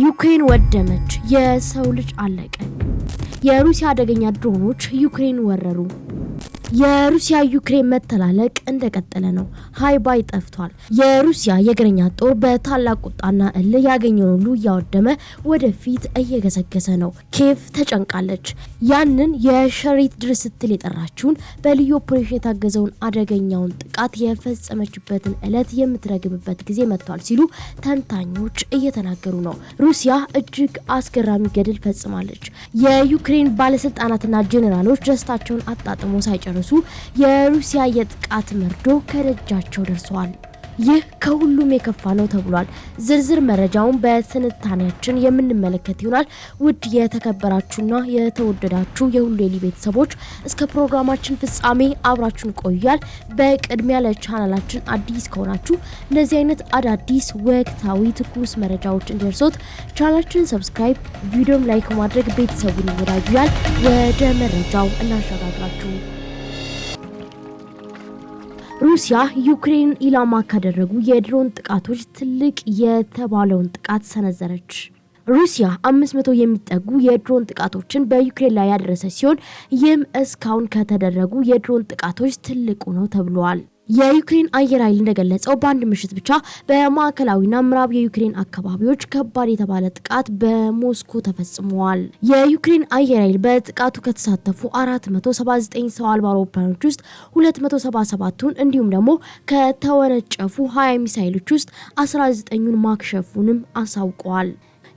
ዩክሬን ወደመች፣ የሰው ልጅ አለቀ። የሩሲያ አደገኛ ድሮኖች ዩክሬን ወረሩ። የሩሲያ ዩክሬን መተላለቅ እንደቀጠለ ነው። ሀይ ባይ ጠፍቷል። የሩሲያ የእግረኛ ጦር በታላቅ ቁጣና እልህ ያገኘውን ሁሉ እያወደመ ወደፊት እየገሰገሰ ነው። ኬቭ ተጨንቃለች። ያንን የሸሪት ድር ስትል የጠራችውን በልዩ ኦፕሬሽን የታገዘውን አደገኛውን ጥቃት የፈጸመችበትን እለት የምትረግብበት ጊዜ መጥቷል ሲሉ ተንታኞች እየተናገሩ ነው። ሩሲያ እጅግ አስገራሚ ገድል ፈጽማለች። የዩክሬን ባለስልጣናትና ጄኔራሎች ደስታቸውን አጣጥሞ ሳይጨርሱ የደረሱ የሩሲያ የጥቃት መርዶ ከደጃቸው ደርሰዋል። ይህ ከሁሉም የከፋ ነው ተብሏል። ዝርዝር መረጃውን በትንታኔያችን የምንመለከት ይሆናል። ውድ የተከበራችሁና የተወደዳችሁ የሁሉ ዴይሊ ቤተሰቦች እስከ ፕሮግራማችን ፍጻሜ አብራችሁን ቆያል። በቅድሚያ ለቻናላችን አዲስ ከሆናችሁ እንደዚህ አይነት አዳዲስ ወቅታዊ ትኩስ መረጃዎች እንዲደርሶት ቻናላችን ሰብስክራይብ፣ ቪዲዮም ላይክ ማድረግ ቤተሰቡን ይወዳጁያል። ወደ መረጃው እናሸጋግራችሁ። ሩሲያ ዩክሬን ኢላማ ካደረጉ የድሮን ጥቃቶች ትልቅ የተባለውን ጥቃት ሰነዘረች። ሩሲያ 500 የሚጠጉ የድሮን ጥቃቶችን በዩክሬን ላይ ያደረሰ ሲሆን ይህም እስካሁን ከተደረጉ የድሮን ጥቃቶች ትልቁ ነው ተብሏል። የዩክሬን አየር ኃይል እንደገለጸው በአንድ ምሽት ብቻ በማዕከላዊና ምዕራብ የዩክሬን አካባቢዎች ከባድ የተባለ ጥቃት በሞስኮ ተፈጽመዋል። የዩክሬን አየር ኃይል በጥቃቱ ከተሳተፉ 479 ሰው አልባ አውሮፕላኖች ውስጥ 277ቱን እንዲሁም ደግሞ ከተወነጨፉ 20 ሚሳይሎች ውስጥ 19ኙን ማክሸፉንም አሳውቀዋል።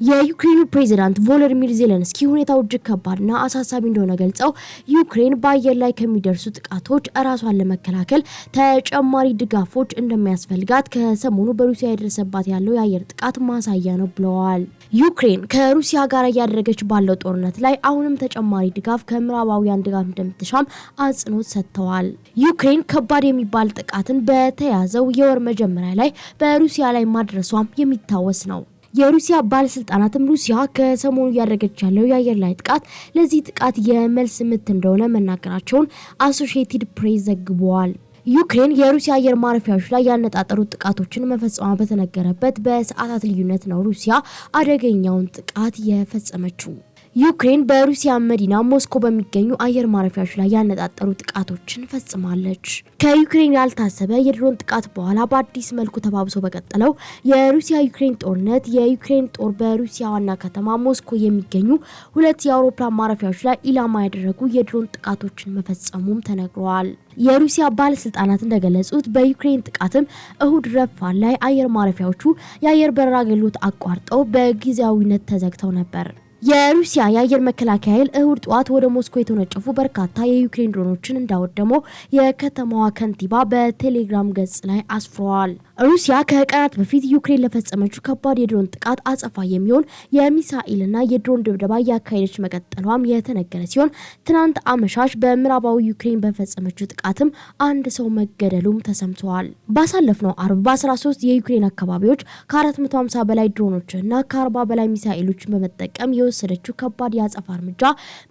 የዩክሬኑ ፕሬዚዳንት ቮሎዲሚር ዜሌንስኪ ሁኔታው እጅግ ከባድና አሳሳቢ እንደሆነ ገልጸው ዩክሬን በአየር ላይ ከሚደርሱ ጥቃቶች ራሷን ለመከላከል ተጨማሪ ድጋፎች እንደሚያስፈልጋት ከሰሞኑ በሩሲያ የደረሰባት ያለው የአየር ጥቃት ማሳያ ነው ብለዋል። ዩክሬን ከሩሲያ ጋር እያደረገች ባለው ጦርነት ላይ አሁንም ተጨማሪ ድጋፍ ከምዕራባውያን ድጋፍ እንደምትሻም አጽንኦት ሰጥተዋል። ዩክሬን ከባድ የሚባል ጥቃትን በተያዘው የወር መጀመሪያ ላይ በሩሲያ ላይ ማድረሷም የሚታወስ ነው። የሩሲያ ባለስልጣናትም ሩሲያ ከሰሞኑ እያደረገች ያለው የአየር ላይ ጥቃት ለዚህ ጥቃት የመልስ ምት እንደሆነ መናገራቸውን አሶሺየትድ ፕሬስ ዘግበዋል። ዩክሬን የሩሲያ አየር ማረፊያዎች ላይ ያነጣጠሩ ጥቃቶችን መፈጸሟ በተነገረበት በሰዓታት ልዩነት ነው ሩሲያ አደገኛውን ጥቃት የፈጸመችው። ዩክሬን በሩሲያ መዲና ሞስኮ በሚገኙ አየር ማረፊያዎች ላይ ያነጣጠሩ ጥቃቶችን ፈጽማለች። ከዩክሬን ያልታሰበ የድሮን ጥቃት በኋላ በአዲስ መልኩ ተባብሶ በቀጠለው የሩሲያ ዩክሬን ጦርነት የዩክሬን ጦር በሩሲያ ዋና ከተማ ሞስኮ የሚገኙ ሁለት የአውሮፕላን ማረፊያዎች ላይ ኢላማ ያደረጉ የድሮን ጥቃቶችን መፈጸሙም ተነግሯል። የሩሲያ ባለስልጣናት እንደገለጹት በዩክሬን ጥቃትም እሁድ ረፋ ላይ አየር ማረፊያዎቹ የአየር በረራ አገልግሎት አቋርጠው በጊዜያዊነት ተዘግተው ነበር። የሩሲያ የአየር መከላከያ ኃይል እሁድ ጠዋት ወደ ሞስኮ የተወነጨፉ በርካታ የዩክሬን ድሮኖችን እንዳወደመው የከተማዋ ከንቲባ በቴሌግራም ገጽ ላይ አስፍረዋል። ሩሲያ ከቀናት በፊት ዩክሬን ለፈጸመችው ከባድ የድሮን ጥቃት አጸፋ የሚሆን የሚሳኤልና የድሮን ድብደባ እያካሄደች መቀጠሏም የተነገረ ሲሆን ትናንት አመሻሽ በምዕራባዊ ዩክሬን በፈጸመችው ጥቃትም አንድ ሰው መገደሉም ተሰምተዋል። ባሳለፍነው አርብ በ13 የዩክሬን አካባቢዎች ከ450 በላይ ድሮኖችና ከ40 በላይ ሚሳኤሎችን በመጠቀም የወሰደችው ከባድ የአጸፋ እርምጃ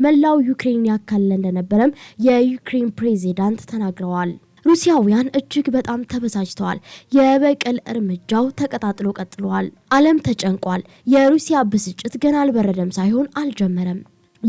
መላው ዩክሬን ያካለ እንደነበረም የዩክሬን ፕሬዚዳንት ተናግረዋል። ሩሲያውያን እጅግ በጣም ተበሳጭተዋል። የበቀል እርምጃው ተቀጣጥሎ ቀጥሏል። ዓለም ተጨንቋል። የሩሲያ ብስጭት ገና አልበረደም ሳይሆን አልጀመረም።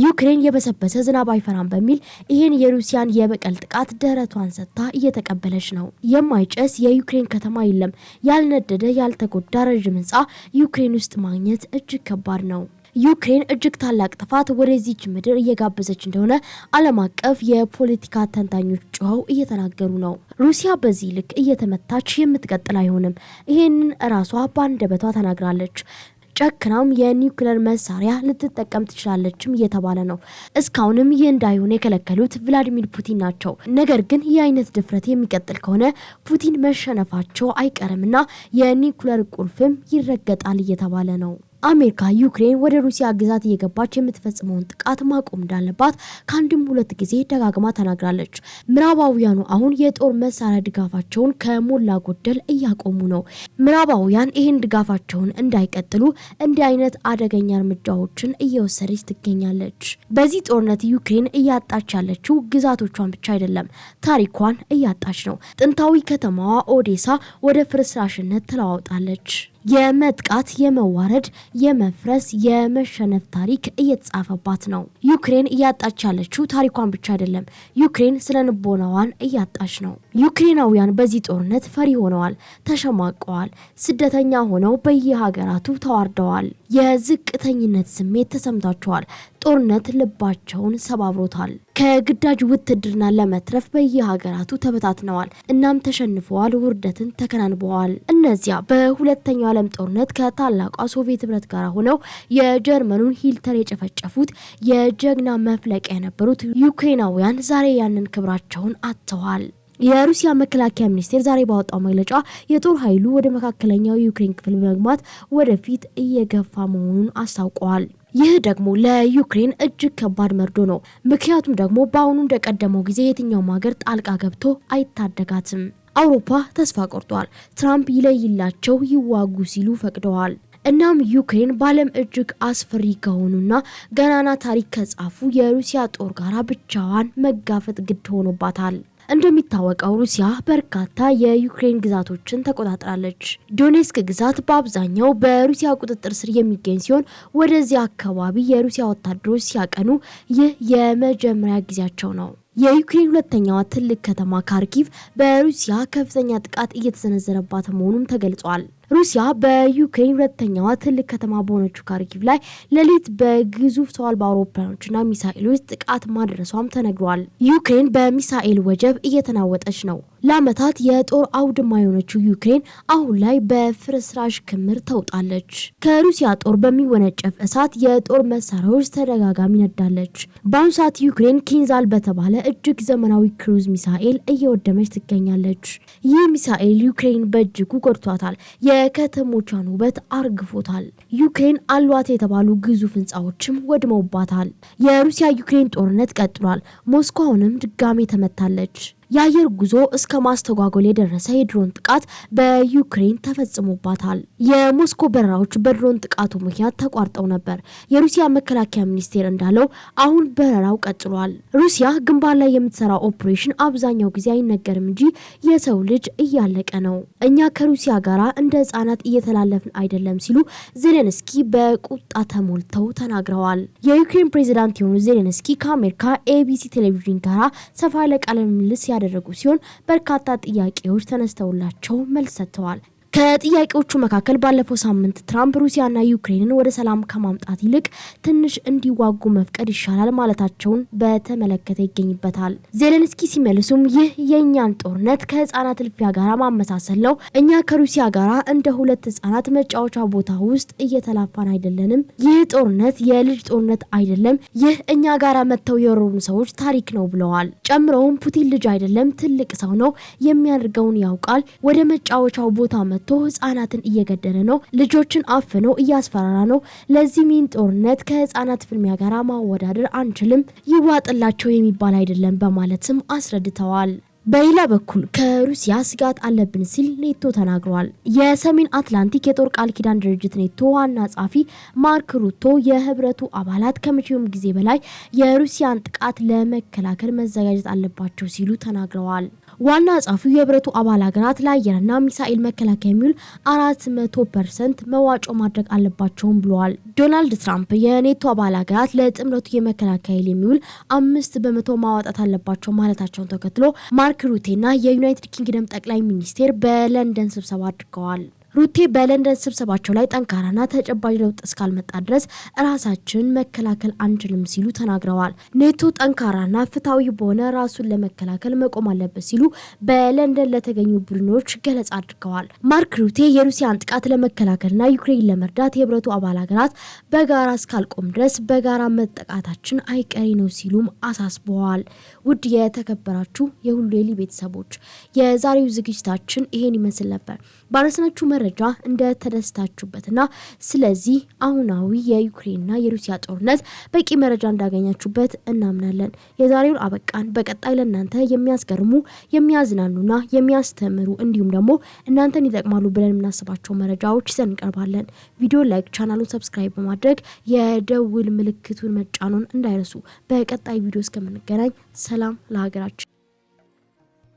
ዩክሬን የበሰበሰ ዝናብ አይፈራም በሚል ይህን የሩሲያን የበቀል ጥቃት ደረቷን ሰጥታ እየተቀበለች ነው። የማይጨስ የዩክሬን ከተማ የለም። ያልነደደ ያልተጎዳ ረዥም ህንፃ ዩክሬን ውስጥ ማግኘት እጅግ ከባድ ነው። ዩክሬን እጅግ ታላቅ ጥፋት ወደዚች ምድር እየጋበዘች እንደሆነ ዓለም አቀፍ የፖለቲካ ተንታኞች ጩኸው እየተናገሩ ነው። ሩሲያ በዚህ ልክ እየተመታች የምትቀጥል አይሆንም። ይህንን እራሷ በአንደበቷ ተናግራለች። ጨክናም የኒውክሌር መሳሪያ ልትጠቀም ትችላለችም እየተባለ ነው። እስካሁንም ይህ እንዳይሆን የከለከሉት ቭላዲሚር ፑቲን ናቸው። ነገር ግን ይህ አይነት ድፍረት የሚቀጥል ከሆነ ፑቲን መሸነፋቸው አይቀርምና የኒውክሌር ቁልፍም ይረገጣል እየተባለ ነው። አሜሪካ ዩክሬን ወደ ሩሲያ ግዛት እየገባች የምትፈጽመውን ጥቃት ማቆም እንዳለባት ከአንድም ሁለት ጊዜ ደጋግማ ተናግራለች። ምዕራባውያኑ አሁን የጦር መሳሪያ ድጋፋቸውን ከሞላ ጎደል እያቆሙ ነው። ምዕራባውያን ይህን ድጋፋቸውን እንዳይቀጥሉ እንዲህ አይነት አደገኛ እርምጃዎችን እየወሰደች ትገኛለች። በዚህ ጦርነት ዩክሬን እያጣች ያለችው ግዛቶቿን ብቻ አይደለም፣ ታሪኳን እያጣች ነው። ጥንታዊ ከተማዋ ኦዴሳ ወደ ፍርስራሽነት ተለዋውጣለች። የመጥቃት፣ የመዋረድ፣ የመፍረስ፣ የመሸነፍ ታሪክ እየተጻፈባት ነው። ዩክሬን እያጣች ያለችው ታሪኳን ብቻ አይደለም። ዩክሬን ስነ ልቦናዋን እያጣች ነው። ዩክሬናውያን በዚህ ጦርነት ፈሪ ሆነዋል፣ ተሸማቀዋል። ስደተኛ ሆነው በየሀገራቱ ተዋርደዋል። የዝቅተኝነት ስሜት ተሰምቷቸዋል። ጦርነት ልባቸውን ሰባብሮታል። ከግዳጅ ውትድርና ለመትረፍ በየሀገራቱ ተበታትነዋል። እናም ተሸንፈዋል፣ ውርደትን ተከናንበዋል። እነዚያ በሁለተኛው ዓለም ጦርነት ከታላቋ ሶቪየት ህብረት ጋር ሆነው የጀርመኑን ሂልተር የጨፈጨፉት የጀግና መፍለቂያ የነበሩት ዩክሬናውያን ዛሬ ያንን ክብራቸውን አጥተዋል። የሩሲያ መከላከያ ሚኒስቴር ዛሬ ባወጣው መግለጫ የጦር ኃይሉ ወደ መካከለኛው የዩክሬን ክፍል በመግባት ወደፊት እየገፋ መሆኑን አስታውቀዋል። ይህ ደግሞ ለዩክሬን እጅግ ከባድ መርዶ ነው። ምክንያቱም ደግሞ በአሁኑ እንደቀደመው ጊዜ የትኛውም ሀገር ጣልቃ ገብቶ አይታደጋትም። አውሮፓ ተስፋ ቆርጧል። ትራምፕ ይለይላቸው ይዋጉ ሲሉ ፈቅደዋል። እናም ዩክሬን በዓለም እጅግ አስፈሪ ከሆኑና ገናና ታሪክ ከጻፉ የሩሲያ ጦር ጋራ ብቻዋን መጋፈጥ ግድ ሆኖባታል። እንደሚታወቀው ሩሲያ በርካታ የዩክሬን ግዛቶችን ተቆጣጥራለች። ዶኔስክ ግዛት በአብዛኛው በሩሲያ ቁጥጥር ስር የሚገኝ ሲሆን ወደዚያ አካባቢ የሩሲያ ወታደሮች ሲያቀኑ ይህ የመጀመሪያ ጊዜያቸው ነው። የዩክሬን ሁለተኛዋ ትልቅ ከተማ ካርኪቭ በሩሲያ ከፍተኛ ጥቃት እየተሰነዘረባት መሆኑም ተገልጿል። ሩሲያ በዩክሬን ሁለተኛዋ ትልቅ ከተማ በሆነችው ካርኪቭ ላይ ሌሊት በግዙፍ ሰው አልባ አውሮፕላኖችና ሚሳኤሎች ጥቃት ማድረሷም ተነግሯል። ዩክሬን በሚሳኤል ወጀብ እየተናወጠች ነው። ለአመታት የጦር አውድማ የሆነችው ዩክሬን አሁን ላይ በፍርስራሽ ክምር ተውጣለች። ከሩሲያ ጦር በሚወነጨፍ እሳት የጦር መሳሪያዎች ተደጋጋሚ ነዳለች። በአሁኑ ሰዓት ዩክሬን ኪንዛል በተባለ እጅግ ዘመናዊ ክሩዝ ሚሳኤል እየወደመች ትገኛለች። ይህ ሚሳኤል ዩክሬን በእጅጉ ጎድቷታል፣ የከተሞቿን ውበት አርግፎታል። ዩክሬን አሏት የተባሉ ግዙፍ ህንፃዎችም ወድመውባታል። የሩሲያ ዩክሬን ጦርነት ቀጥሏል። ሞስኮውንም ድጋሜ ተመታለች። የአየር ጉዞ እስከ ማስተጓጎል የደረሰ የድሮን ጥቃት በዩክሬን ተፈጽሞባታል። የሞስኮ በረራዎች በድሮን ጥቃቱ ምክንያት ተቋርጠው ነበር። የሩሲያ መከላከያ ሚኒስቴር እንዳለው አሁን በረራው ቀጥሏል። ሩሲያ ግንባር ላይ የምትሰራው ኦፕሬሽን አብዛኛው ጊዜ አይነገርም እንጂ የሰው ልጅ እያለቀ ነው። እኛ ከሩሲያ ጋር እንደ ህጻናት እየተላለፍን አይደለም ሲሉ ዜሌንስኪ በቁጣ ተሞልተው ተናግረዋል። የዩክሬን ፕሬዚዳንት የሆኑ ዜሌንስኪ ከአሜሪካ ኤቢሲ ቴሌቪዥን ጋራ ሰፋ ያለ ቃለ ምልልስ ያደረጉ ሲሆን በርካታ ጥያቄዎች ተነስተውላቸው መልስ ሰጥተዋል። ከጥያቄዎቹ መካከል ባለፈው ሳምንት ትራምፕ ሩሲያና ዩክሬንን ወደ ሰላም ከማምጣት ይልቅ ትንሽ እንዲዋጉ መፍቀድ ይሻላል ማለታቸውን በተመለከተ ይገኝበታል። ዜሌንስኪ ሲመልሱም ይህ የእኛን ጦርነት ከህጻናት እልፊያ ጋር ማመሳሰል ነው። እኛ ከሩሲያ ጋር እንደ ሁለት ህጻናት መጫወቻ ቦታ ውስጥ እየተላፋን አይደለንም። ይህ ጦርነት የልጅ ጦርነት አይደለም። ይህ እኛ ጋር መጥተው የወረሩን ሰዎች ታሪክ ነው ብለዋል። ጨምረውም ፑቲን ልጅ አይደለም፣ ትልቅ ሰው ነው። የሚያደርገውን ያውቃል። ወደ መጫወቻው ቦታ መ መጥቶ ህጻናትን እየገደለ ነው፣ ልጆችን አፍኖ እያስፈራራ ነው። ለዚህ ሚን ጦርነት ከህጻናት ፍልሚያ ጋር ማወዳደር አንችልም፣ ይዋጥላቸው የሚባል አይደለም በማለትም አስረድተዋል። በሌላ በኩል ከሩሲያ ስጋት አለብን ሲል ኔቶ ተናግሯል። የሰሜን አትላንቲክ የጦር ቃል ኪዳን ድርጅት ኔቶ ዋና ጸሐፊ ማርክ ሩቶ የህብረቱ አባላት ከመቼውም ጊዜ በላይ የሩሲያን ጥቃት ለመከላከል መዘጋጀት አለባቸው ሲሉ ተናግረዋል። ዋና ጸሐፊው የህብረቱ አባል ሀገራት ለአየርና ሚሳኤል መከላከያ የሚውል አራት መቶ ፐርሰንት መዋጮ ማድረግ አለባቸውም ብለዋል። ዶናልድ ትራምፕ የኔቶ አባል ሀገራት ለጥምረቱ የመከላከያ ኃይል የሚውል አምስት በመቶ ማዋጣት አለባቸው ማለታቸውን ተከትሎ ማርክ ሩቴና የዩናይትድ ኪንግደም ጠቅላይ ሚኒስቴር በለንደን ስብሰባ አድርገዋል። ሩቴ በለንደን ስብሰባቸው ላይ ጠንካራና ተጨባጭ ለውጥ እስካልመጣ ድረስ ራሳችን መከላከል አንችልም ሲሉ ተናግረዋል። ኔቶ ጠንካራና ፍትሐዊ በሆነ ራሱን ለመከላከል መቆም አለበት ሲሉ በለንደን ለተገኙ ቡድኖች ገለጻ አድርገዋል። ማርክ ሩቴ የሩሲያን ጥቃት ለመከላከልና ዩክሬን ለመርዳት የህብረቱ አባል ሀገራት በጋራ እስካልቆም ድረስ በጋራ መጠቃታችን አይቀሬ ነው ሲሉም አሳስበዋል። ውድ የተከበራችሁ የሁሉ ዴይሊ ቤተሰቦች የዛሬው ዝግጅታችን ይሄን ይመስል ነበር ባረስናችሁ መረ መረጃ እንደተደስታችሁበትና ስለዚህ አሁናዊ የዩክሬንና የሩሲያ ጦርነት በቂ መረጃ እንዳገኛችሁበት እናምናለን። የዛሬውን አበቃን። በቀጣይ ለእናንተ የሚያስገርሙ የሚያዝናኑና የሚያስተምሩ እንዲሁም ደግሞ እናንተን ይጠቅማሉ ብለን የምናስባቸው መረጃዎች ይዘን እንቀርባለን። ቪዲዮ ላይክ፣ ቻናሉን ሰብስክራይብ በማድረግ የደውል ምልክቱን መጫኑን እንዳይረሱ። በቀጣይ ቪዲዮ እስከምንገናኝ ሰላም ለሀገራችን።